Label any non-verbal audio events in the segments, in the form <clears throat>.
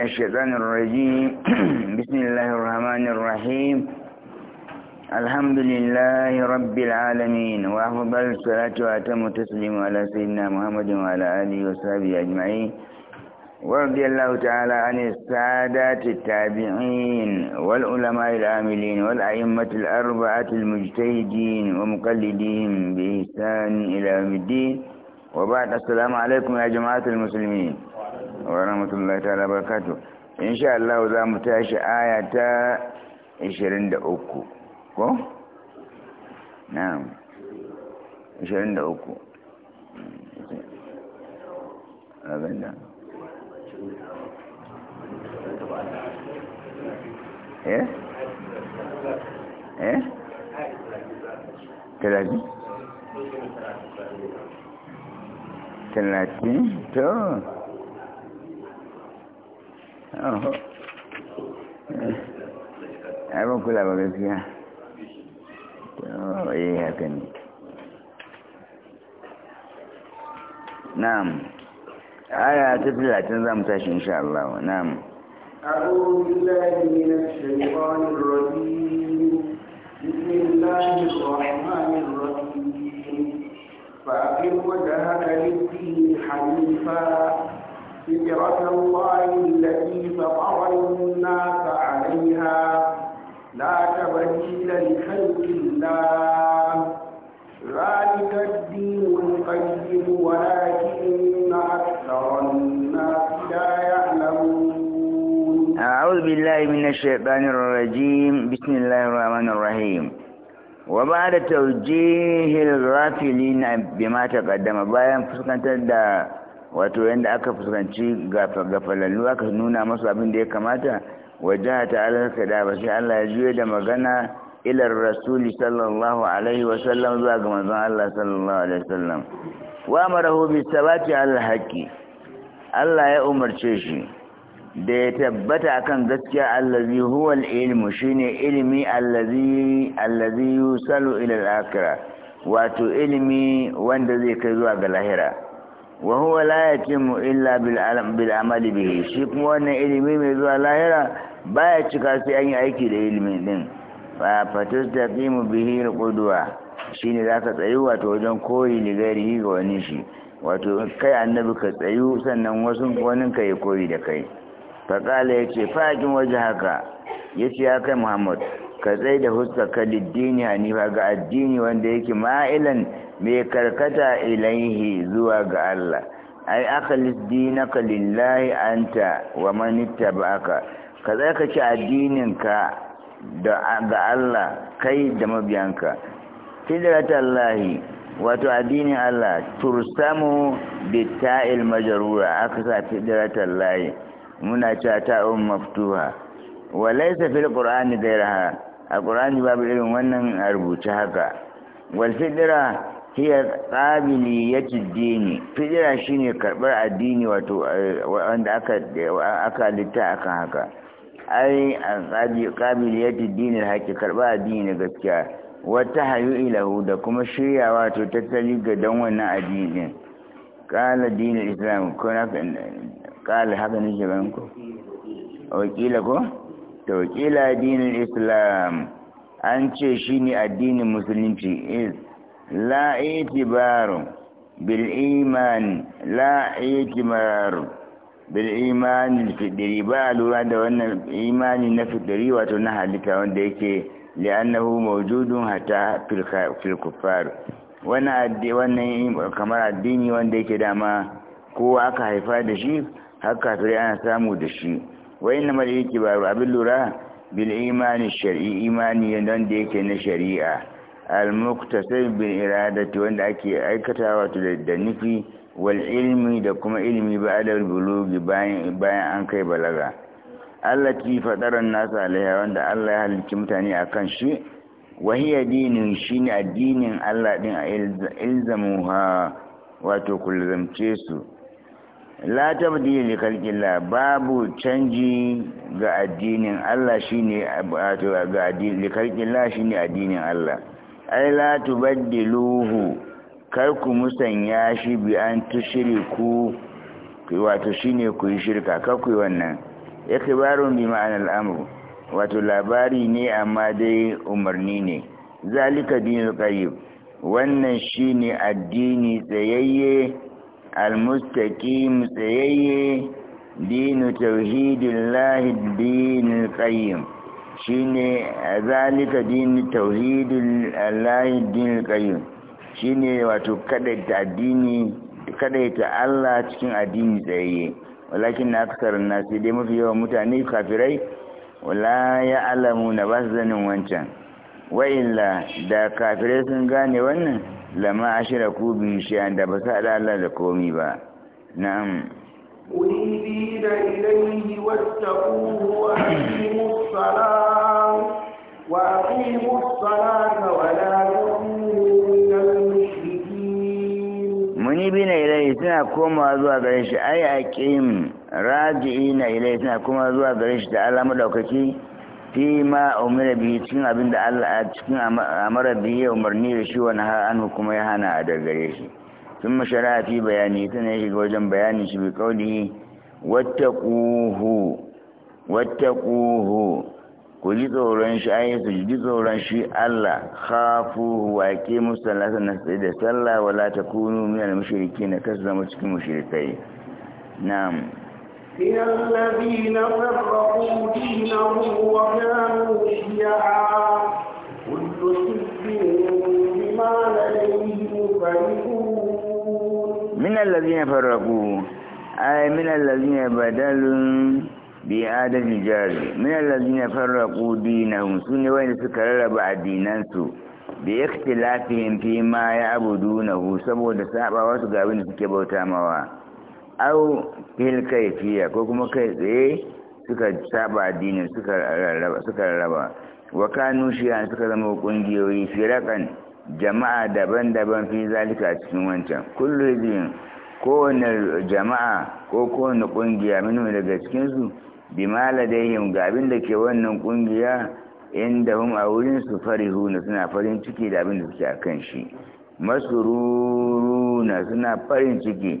من الشيطان الرجيم <clears throat> بسم الله الرحمن الرحيم الحمد لله رب العالمين وأفضل الصلاة وأتم التسليم على سيدنا محمد وعلى آله وصحبه أجمعين ورضي الله تعالى عن السادات التابعين والعلماء العاملين والأئمة الأربعة المجتهدين ومقلدين بإحسان إلى يوم الدين وبعد السلام عليكم يا جماعة المسلمين wa rahmatullahi ta'ala barakatuh insha Allah za mu tashi aya ta 23 ko na'am 23 abinda eh eh talatin talatin to abin kula ba gaskiya yi haka ne na'am aya ta talatin za mu tashi insha Allah na'am أعوذ بالله من الشيطان الرجيم بسم الله الرحمن الرحيم فأقم وجهك للدين حنيفا فطرة الله التي فطر الناس عليها لا تبديل لخلق الله ذلك الدين القيم ولكن أكثر الناس لا يعلمون أعوذ بالله من الشيطان الرجيم بسم الله الرحمن الرحيم وبعد توجيه الغافلين بما تقدم بايا فسكنت wato yadda aka fuskanci gafalallu aka nuna masu abin da ya kamata wajen ta alarka da ba sai Allah ya juye da magana ilar rasuli sallallahu alaihi wasallam zuwa ga manzon Allah sallallahu alaihi wasallam wa marahu bi sabati al haqqi Allah ya umarce shi da ya tabbata akan gaskiya allazi huwa al ilmu shine ilmi allazi allazi yusalu ila al akhirah wato ilmi wanda zai kai zuwa ga lahira wa huwa la yatimu illa bil alam bil amali bihi shi kuma wannan ilimi mai zuwa lahira baya cika sai an yi aiki da ilimin din fa fatastaqimu bihi Shin shine zaka tsayu wato wajen koyi ne gari ga wani shi wato kai annabi ka tsayu sannan wasu wani ka yi koyi da kai fa qala yace fa kin waje haka yace ya kai muhammad ka zai da hussaka a hanifa ga addini wanda yake ma'ilan mai karkata ilaihi zuwa ga Allah ai akalis dinaka lillahi anta wa man ittaba'aka ka zai ka ci addininka ga Allah kai da mabiyanka fidratallahi wato addinin Allah tursamu ta'il majrura aka sa fidratallahi muna cewa ta'un maftuha wa laysa fil qur'ani ghayraha a ƙur'ani babu irin wannan a rubuce haka wal fidira hiya yati dini fidira shine karbar addini wato eh, wanda aka aka litta akan haka ai yati dini haki karbar addini gaskiya wata hayu ilahu da kuma shiryawa to tattali ga dan wannan addinin kala dinul islam ko na haka ne ban ko wakila ko to kila islam an ce shi ne addinin musulunci is la itibaru bil iman la itibaru bil iman fidiri ba a lura da wannan imani na fidiri wato na halitta wanda yake li'annahu mawjudun hata filkufar wannan kamar addini wanda yake dama kowa aka haifa da shi haka turai ana samu da shi wa inna mal ba abin lura bil imani shar'i imani don da yake na shari'a al sai bil iradati wanda ake aikatawa to da nufi wal ilmi da kuma ilmi ba a bulugi bayan bayan an kai balaga allah allati fadaran nasu alaiha wanda Allah ya halicci mutane akan shi wahiya dinin ne addinin Allah din a ilzamuha wato kullumce su la tabdila li khalqillah babu canji ga addinin Allah shine ga li khalqillah shine addinin Allah ai la tubaddiluhu kar ku musanya shi bi an tushriku wato shine ku yi shirka kar ku yi wannan ikhbarun bi ma'anar Amur. wato labari ne amma dai umarni ne zalika dinul qayyim wannan shine addini tsayayye المستقيم tsayayye dinu tauhidillahi dinul qayyim shine zalika dinu tauhidillahi dinul qayyim shine wato kadaita addini Allah cikin addini tsayayye walakin aksar nasi dai mafi yawan mutane kafirai wala ya'lamuna bazanin wancan wa illa da kafirai sun gane wannan lama ashira ku biyu shi ba sa da Allah da komi ba na'am منيبين إليه واتقوه وأقيموا الصلاة zuwa الصلاة ولا تؤمنون المشركين zuwa gare shi ai aqim قريش أي أقيم راجعين إليه zuwa gare shi da alamu daukaki fi ma umira bihi cikin abin da Allah cikin amara bihi umarni da shi wani har anu kuma ya hana a dagare shi sun mashara fi bayani tana shiga wajen bayani shi bi kaulihi wattaquhu wattaquhu ku ji tsoron shi ayi su ji tsoron shi Allah khafuhu wa musallata na sai da sallah wala takunu minal mushrikin zama cikin mushrikai na'am من الذين فرقوا دينهم وكانوا شيعا كل حزب بما لديهم فرحون من الذين فرقوا أي من الذين بدلوا bi'adar jari min allazina farraqu dinahum sune wanda suka rarraba addinansu bi ikhtilafihim fi ma ya'budunahu saboda saba su ga abin suke bauta mawa au fil kaifiya ko kuma kai tsaye suka saba addinin suka rarraba suka rarraba wa kanu suka zama kungiyoyi firakan jama'a daban-daban fi zalika cikin wancan kullu hizbin kowane jama'a ko kowane kungiya minu daga cikinsu bima ladaihim ga abin da ke wannan kungiya inda hum a wurin su farihuna suna farin ciki da abin da suke akan shi masururuna suna farin ciki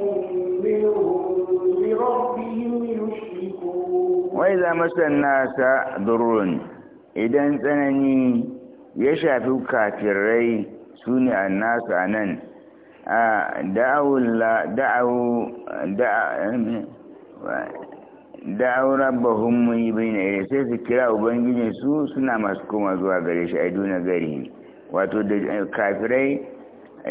masan nasa durun idan tsanani ya shafi kafirai su ne a nasa nan a da'au rabbahun muhibin iri eh, sai su kira ubangijin su suna masu koma zuwa gare shi a duna gari wato da eh, kafirai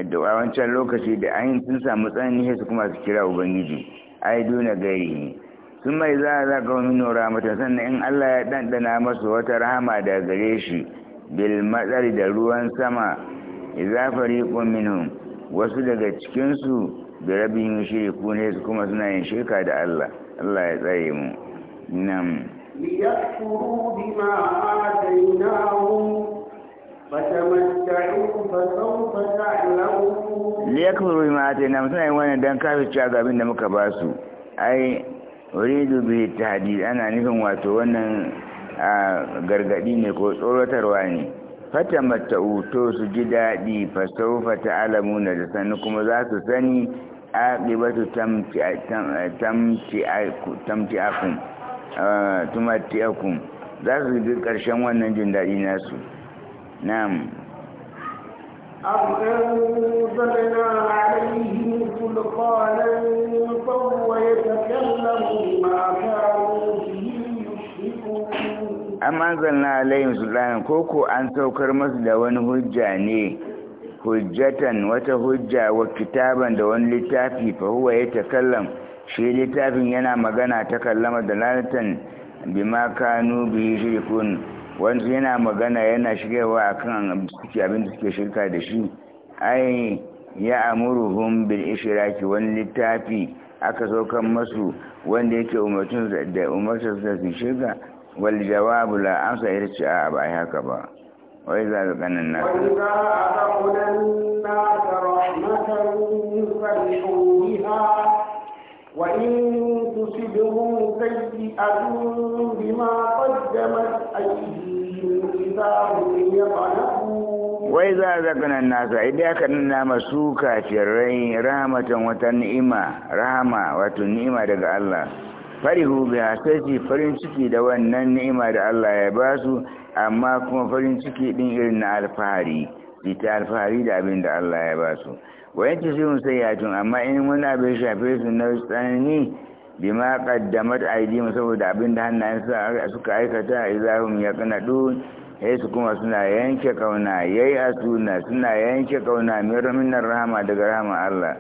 da wawancan lokaci da ayin sun samu tsanani sai su kuma su kira ubangiji a duna gari sun mai za a ka wani nora mata sannan in Allah ya ɗanɗana masu wata rahama da gare shi bil matsari da ruwan sama idza fariqun minhum wasu daga cikinsu da rabin shirku ne su kuma suna yin shirka da Allah Allah ya tsare mu mu, nam liyakfuru bima atainahum liyakfuru bima atainahum suna yin wannan dan kafirci ga abin da muka ba su ai uridu bi tahdid ana nufin wato wannan gargadi ne ko tsoratarwa ne fata mata'u su ji daɗi fasaufa ta'alamu na da sani kuma za su sani a akun tumati akun za su ji ƙarshen wannan jin daɗi nasu na'am أَوْ أَنزَلْنَا عَلَيْهِمْ سُلْطَانًا فَهُوَ am anzalna alaihim ko ko an saukar masu da wani hujja ne hujjatan wata hujja wa kitaban da wani littafi fa huwa ya shi littafin yana magana ta kallama da lalatan bima kanu bi shirkun wanda yana magana yana shigarwa akan abin da suke shirka da shi ai ya amuruhum bil ishraki wani littafi aka saukar masu wanda yake umarcin da umarcin da su shirka wal jawabu la amsa ita a ba haka ba wai za ka ganin na وإن تصبهم سيئة بما قدمت أيديهم إذا هم يقلقون wai za a zakanan nasa idan aka nuna masu kafirai rahamatan wata ni'ima rahama wato ni'ima daga Allah farihu biha sai farin ciki da wannan ni'ima da Allah ya ba su amma kuma farin ciki din irin na alfahari ita, alfahari da abin da Allah ya ba su wayan ce sun tun amma in wani abu ya shafe su na tsanani bi ma qaddamat aydihim saboda abin da hannayen suka aikata izahum yaqnadun sai su kuma suna yanke kauna yayi asuna suna yanke kauna min rahama daga rahama Allah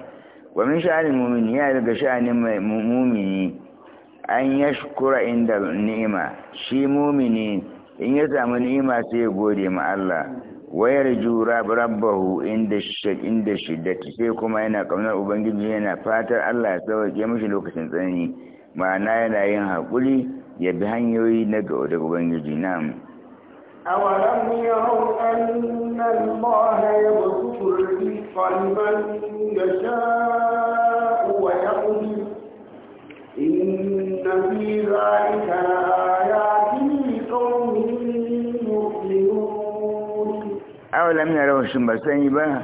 wa min sha'anil mu'min ya daga sha'anin mu'mini an ya shukura inda ni'ima shi mumini in ya samu ni'ima sai ya gode ma Allah wayar jura rabbahu inda inda da sai kuma yana kaunar ubangiji yana fatar Allah ya sauke mishi lokacin tsanani ma'ana yana yin hakuri ya bi hanyoyi na ga da ubangiji na'am أولم ya أن إن ya rawa shin ba يؤمنون أولم ba? شمسين بها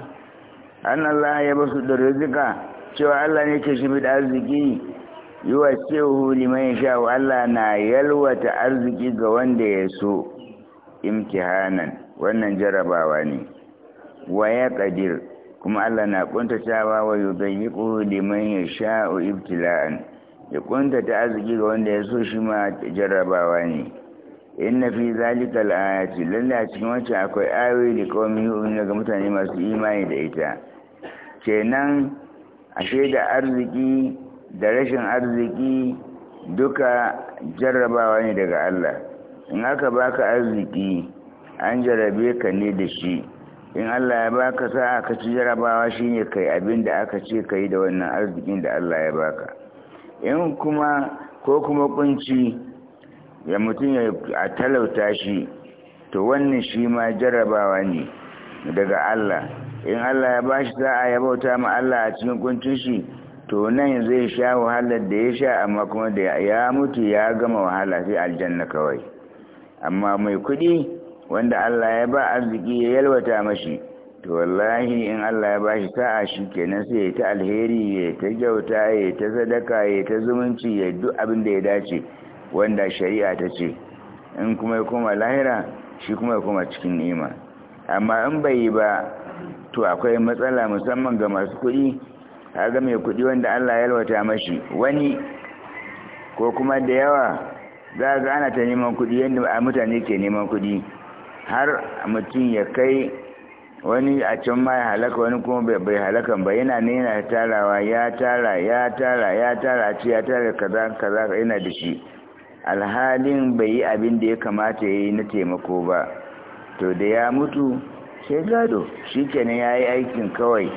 ya basu da rizika. cewa Allah ne ke shi da arziki yi wa cewa liman sha Allah na yalwata arziki ga wanda ya so imtihanan wannan jarabawa ne wa ya kadir kuma Allah na kuntatawa wa yudayyiqu liman yasha'u ibtila'an da kunta ta arziki ga wanda ya so shi ma jarrabawa ne inna fi zalika al lalla cikin wacce akwai ayoyi da kawai yu'minu daga mutane masu imani da ita kenan ashe da arziki da rashin arziki duka jarrabawa ne daga Allah in aka baka arziki an jarrabe ka ne da shi in Allah ya baka sa'a ka ci jarrabawa shine kai abin da aka ce ka yi da wannan arzikin da Allah ya baka in kuma ko kuma kunci ya mutum ya a talauta shi to wannan shi ma jarrabawa ne daga Allah in Allah ya bashi za'a ya bauta ma Allah a cikin kuncin shi to nan zai sha wahalar da ya sha amma kuma da ya mutu ya gama wahala sai aljanna kawai amma mai kuɗi wanda Allah ya ba arziki ya yalwata mashi to wallahi in Allah ya bashi sa'a shi kenan sai ya ta alheri ya ta kyauta ya ta sadaka ya ta zumunci ya duk abin da ya dace wanda shari'a ta ce in kuma ya koma lahira shi kuma ya koma cikin nima amma in bai yi ba to akwai matsala musamman ga masu kuɗi kaga mai kuɗi wanda Allah ya yalwata mashi wani ko kuma da yawa za ga ana ta neman kuɗi yadda mutane ke neman kuɗi har mutum ya kai wani a can ma ya halaka wani kuma bai halakan ba yana ne yana tarawa ya tara ya tara ya tara ce ya tara kaza kaza yana da shi alhalin bai yi abin da ya kamata ya yi na taimako ba to da ya mutu sai gado shi kenan ya yi aikin kawai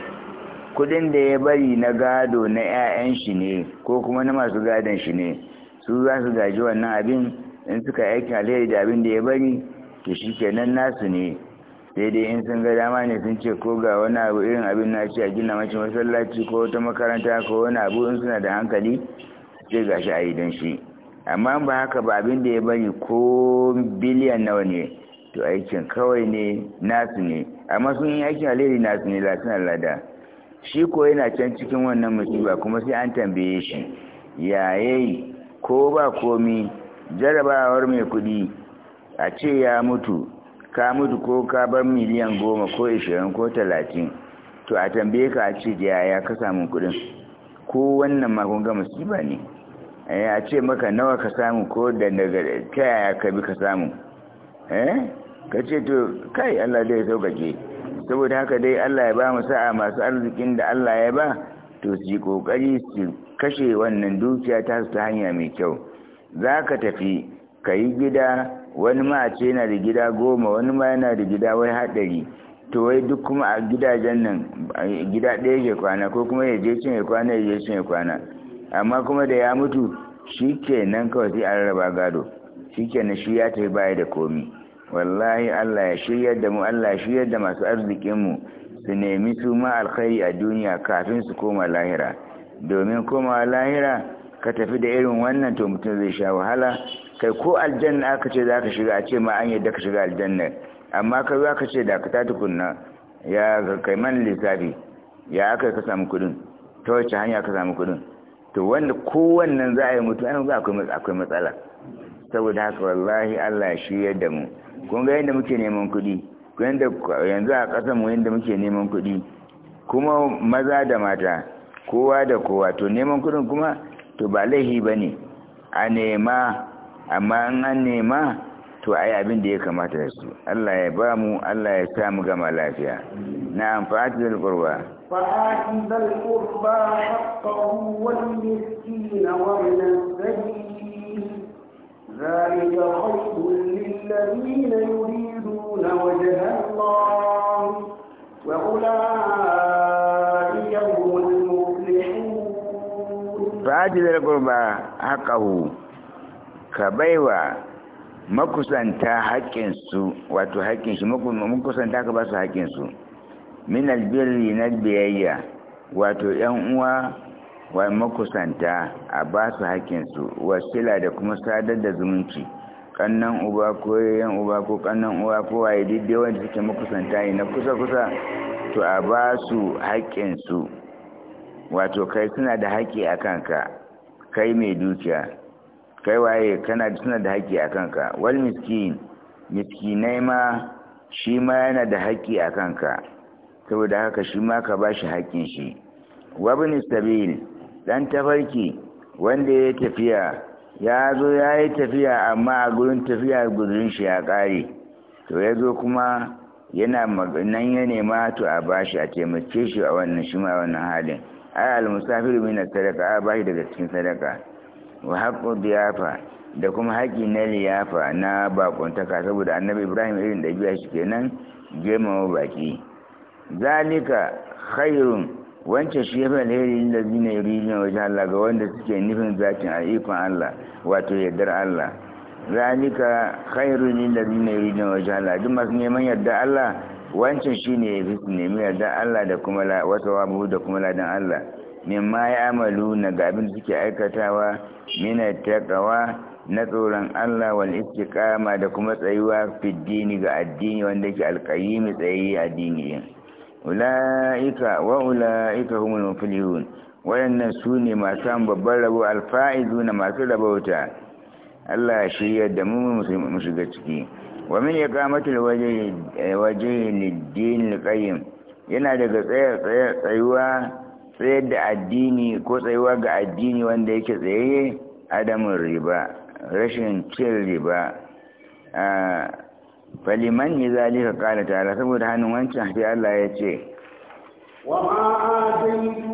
kudin da ya bari na gado na 'ya'yan shi ne ko kuma na masu gadon shi ne su za su gaji wannan abin in suka aikin alheri da abin da ya bari to shi kenan nasu ne sai dai in sun ga dama ne sun ce ko ga wani abu irin abin na ce a gina mace masallaci ko wata makaranta ko wani abu in suna da hankali sai ga shi a yi don shi amma ba haka ba abin da ya bari ko biliyan nawa ne to aikin kawai ne nasu ne amma sun yi aikin alheri nasu ne latin alada shi ko yana can cikin wannan musiba kuma sai an tambaye shi yayayi ko ba komi jarabawar mai kuɗi a ce ya mutu ka mutu ko ka bar miliyan goma ko ishirin ko talatin to a tambaye ka a ce yaya ka samun kudin ko wannan magunga musiba ne eh, a ce maka nawa ka samu ko da daga ta yaya ka bi ka samu eh ka ce to kai Allah dai sauƙaƙe saboda haka dai Allah ya ba mu sa'a masu arzikin da Allah ya ba to su yi ƙoƙari su kashe wannan dukiya ta su ta hanya mai kyau za ka tafi ka yi gida wani ma a ce yana da gida goma wani ma yana da gida wai haɗari to wai duk kuma a gidajen nan gida ɗaya ke kwana ko kuma ya je cin ya kwana ya je cin ya kwana amma kuma da ya mutu shi ke nan kawai sai raba gado shi ke na shi ya ta baya da komi wallahi Allah ya shirya da mu Allah ya shirya da masu arzikinmu su nemi su ma alkhairi a duniya kafin su koma lahira domin komawa lahira ka tafi da irin wannan to mutum zai sha wahala kai ko aljanna aka ce za ka shiga a ce ma an yadda ka shiga aljanna amma kai za ka ce da ka ta tukunna ya ga kai man lissafi ya aka ka samu kudin ta wacce hanya ka samu kudin to wanda kowannan za a yi mutu ana akwai matsala saboda haka wallahi Allah shi yadda mu kun ga yadda muke neman kuɗi yanzu a kasar mu yadda muke neman kuɗi kuma maza da mata kowa da kowa to neman kuɗin kuma to ba laihi ba ne a nema amma an an nema to ai abin da ya kamata da su Allah ya ba mu Allah ya sa mu gama lafiya na amfani da qurba fa'ati dal qurba haqqahu wal miskin wa min ka baiwa makusanta su wato shi makusanta ka ba su su min albirri na biyayya wato ‘yan uwa wa makusanta a ba su su wasila da kuma sadar da zumunci kannan uba ko yan uba ko kannan uwa ko waye da wanda suke makusanta ne na kusa-kusa to a ba su su wato kai suna da haƙƙi akan ka kai mai dukiya kai waye kana suna da haƙƙi a kanka wal miskin miskinai ma shi ma yana da haƙƙi a kanka saboda haka shi ma ka ba shi haƙƙin shi wabin sabil dan tafarki wanda ya tafiya ya zo ya yi tafiya amma a gurin tafiya guzurin shi ya ƙare to ya zo kuma yana maganan ya nema to a bashi a taimake shi a wannan shi ma wannan halin ai al-musafir min sadaka a bashi daga cikin sadaka wa haƙƙo diyafa da kuma haƙƙi na liyafa na baƙuntaka saboda annabi ibrahim irin da biya shi kenan gemawa baƙi zalika khairun wancan shi yafi alheri da zina yuridin wajen Allah ga wanda suke nufin zatin al'ikon Allah wato yardar Allah zalika khairun lil ladina yuridin wajen Allah duk masu neman yarda Allah wancan shine fi su nemi yarda Allah da kuma la wasu da kuma ladan Allah mimma ya amalu na ga abin suke aikatawa mina taqwa na tsoron Allah wal istiqama da kuma tsayuwa fi ga addini wanda yake alqayyim tsayi addini ulaika wa ulaika humul muflihun wayannan sune masu babban rabo alfaizuna masu rabauta Allah shirya da mu mu shiga ciki wa min iqamatil wajhi wajhi lid-din qayyim yana daga tsayuwa tsayar da addini ko tsayuwa ga addini wanda yake tsaye adamin riba rashin cin riba a faliman ne za zalika kala tara saboda hannun wancan sai Allah ya ce وما آتيتم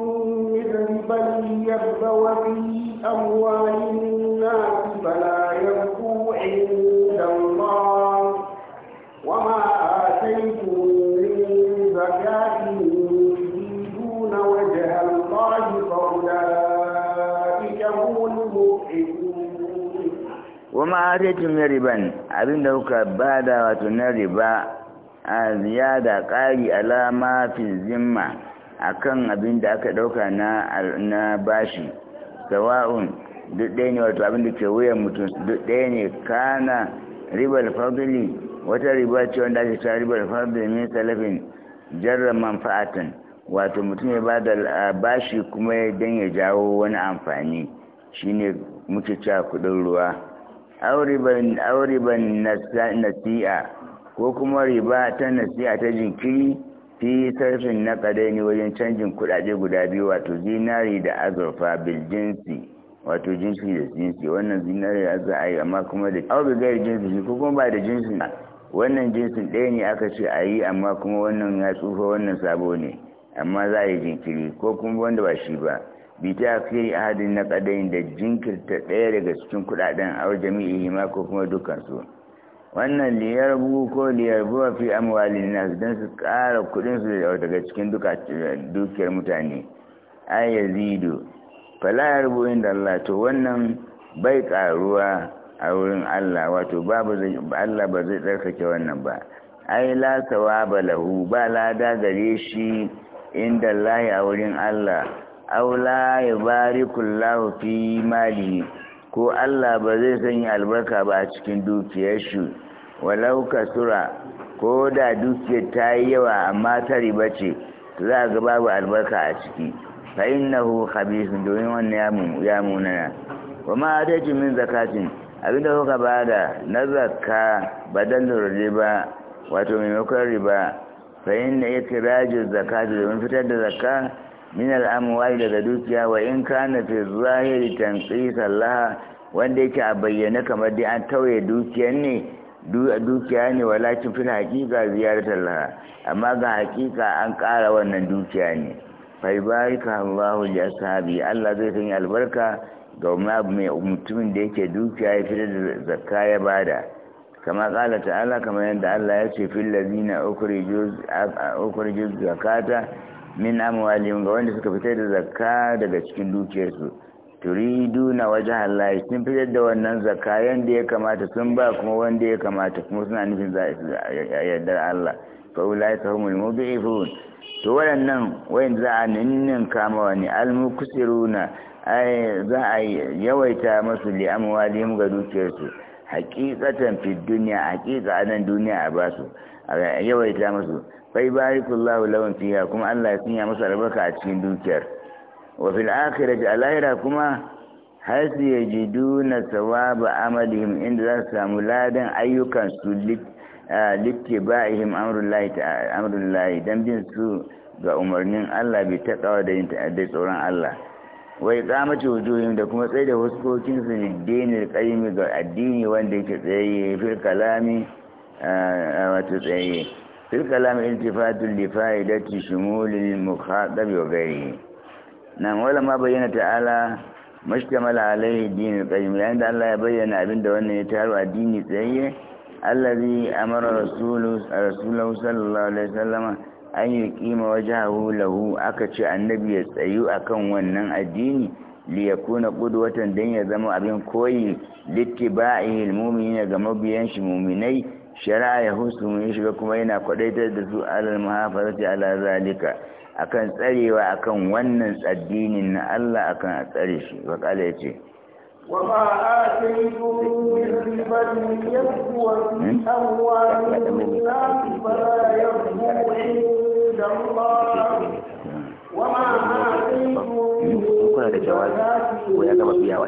من ربا yi في أموال الناس wa ma'atajin na riban da kuka da wato na riba a ziyada ƙari alama fi zimma a kan abin da aka ɗauka na bashi sawa'un duk ɗaya ne wato abin da ke wuyan mutum duk ɗaya ne kana ribar fadili wata riba ce wanda ake cewa ribar fadili min salafin jarra manfa'atan wato mutum ya bada bashi kuma dan ya jawo wani amfani shine muke cewa kuɗin ruwa auriban nasi'a ko kuma riba ta nasi'a ta jinkiri fi sarfin na ne wajen canjin kuɗaɗe guda biyu wato zinari da azurfa bil jinsi wato jinsi da jinsi wannan zinari da za a yi amma kuma da auri gari jinsi ko kuma ba da jinsi wannan jinsin ɗaya ne aka ce a yi amma kuma wannan ya tsufa wannan sabo ne amma za a yi jinkiri ko kuma wanda ba shi ba bita ta ahadin na kadayin da jinkirta ɗaya daga cikin kudaden a jami'i hima ko kuma dukansu wannan liyar bugu ko liyar buwa fi amwalin nas don su kudin kuɗinsu daga cikin dukiyar mutane a yazidu falayar buwin da Allah to wannan bai karuwa a wurin Allah wato babu Allah ba zai tsarkake wannan ba ai la sawaba lahu ba lada gare shi inda lahi a wurin Allah aula ya bari kullahu fi mali ko Allah ba zai sanya albarka ba a cikin dukiyar shi walau kasura ko da dukiyar ta yi yawa amma ta riba ce za ga babu albarka a ciki fa innahu khabithun domin wannan ya munana wa ma adaji min zakatin abinda kuka bada na zakka badalin riba wato maimakon riba fa inna ikraju zakatu domin fitar da zakka min al'amuwari daga dukiya wa in kana fi zahiri tanqisa laha wanda yake a bayyane kamar dai an tauye dukiyar ne dukiya ne walakin fil haqiqa ziyaratar laha amma ga haƙiƙa an ƙara wannan dukiya ne fa barika Allahu li ashabi Allah zai sanya albarka ga mai mutumin da yake dukiya ya fitar da zakka ya bada kama kala ta'ala kamar yadda Allah ya ce fil ladina ukhriju zakata min amwalihim ga wanda suka fitar da zakka daga cikin dukiyarsu turiduna wajha Allah sun fitar da wannan zakka yanda ya kamata sun ba kuma wanda ya kamata kuma suna nufin za a yarda Allah fa ulai tahumul mubi'un to waɗannan wayin za a ninnin kama wani almukusiruna za a yawaita masu amwalihim ga dukiyarsu haƙiƙatan fi duniya haƙiƙa a nan duniya a basu a yawaita masu fai barikullahu lawan fiha kuma Allah ya sanya masa albarka a cikin dukiyar wa fil akhirati alahira kuma har su na thawaba amalihim inda za su samu ladan ayyukan su littiba'ihim amrullahi layi dan bin su ga umarnin Allah bai takawa da yin ta'addai tsoron Allah wai kamata wujuhin da kuma tsaye da huskokin su dinin qayyim ga addini wanda yake tsaye fil kalami wato tsaye filkalam iltifatun lifa'idati shumulil mukhatab wa ghairihi nan wala ma bayyana ta'ala mashtamala alayhi dinul qayyim yayin da Allah ya bayyana abinda wannan ya taru a dini tsaye allazi amara rasulu rasulullahi sallallahu alaihi wasallama an yuqima wajhahu lahu aka ce annabi ya tsayu akan wannan addini li yakuna watan dan ya zama abin koyi littiba'il mu'minina ga mabiyan shi mu'minai shari'a ya husu mun shiga kuma yana kwadaitar da su alal muhafazati ala zalika akan tsarewa akan wannan addinin na Allah akan a tsare shi wa kala yace wa ma ataytum min fadlin yaqwa wa hmm? amwalin fala yabdu inda Allah wa ma ataytum kuna da jawabi ko ya biya wa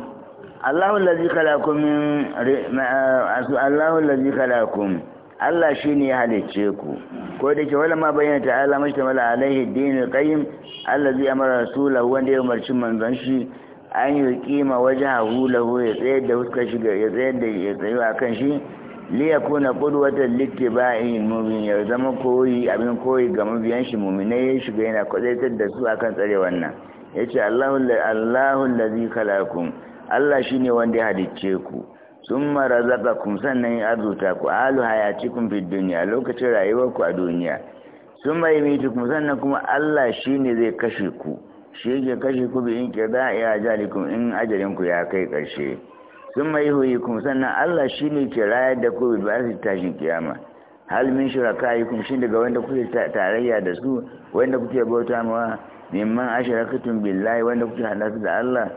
Allahu allazi min Allahu allazi khalaqukum Allah shine ya halicce ku ko da ke wala ma bayyana ta'ala mashtamala alaihi dinul qayyim allazi amara rasulahu wanda ya umarci manzon shi an yi kima wajahu lahu ya tsayar da huska shi ya tsayar da ya tsayu akan shi li yakuna qudwatan littiba'i mu'min ya zama koyi abin koyi ga mabiyan shi mu'minai ya shiga yana kwazaitar da su akan tsare wannan yace Allahu Allahu allazi khalaqukum Allah shi ne wanda ya halicce ku sun marazaka kun sannan ya arzuta ku alu hayaci kun fi duniya lokacin ku a duniya sun mai miti kun sannan kuma Allah shi ne zai kashe ku shi yake kashe ku bi in kirda iya jalikun in ku ya kai ƙarshe sun mai huyi kun sannan Allah shi ne ke rayar da ku ba su tashin kiyama hal min kun shi daga wanda kuke tarayya da su wanda kuke bauta ma mimman ashirakatun billahi wanda kuke hada da Allah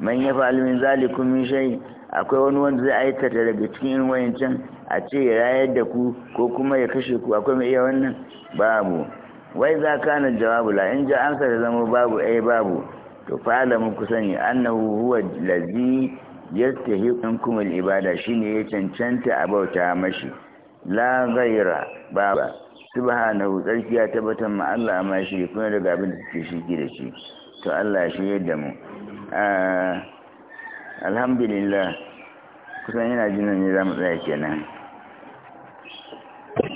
man ya almin min zalikum min shay akwai wani wanda zai aikata daga cikin irin wayancan a ce ya rayar da ku ko kuma ya kashe ku akwai mai iya wannan babu wai za ka na jawabu la in ji amsa da zama babu ai eh babu to fa'ala mun ku sani annahu huwa allazi yastahiqunkum al-ibada shine ya cancanta a bauta mashi la ghaira baba subhanahu tsarkiya tabbatar ma Allah ma shi kuma daga abin da suke shi da shi to Allah shi yadda mu Eh, alhamdulillah kusan yana jin ne za mu tsaya kenan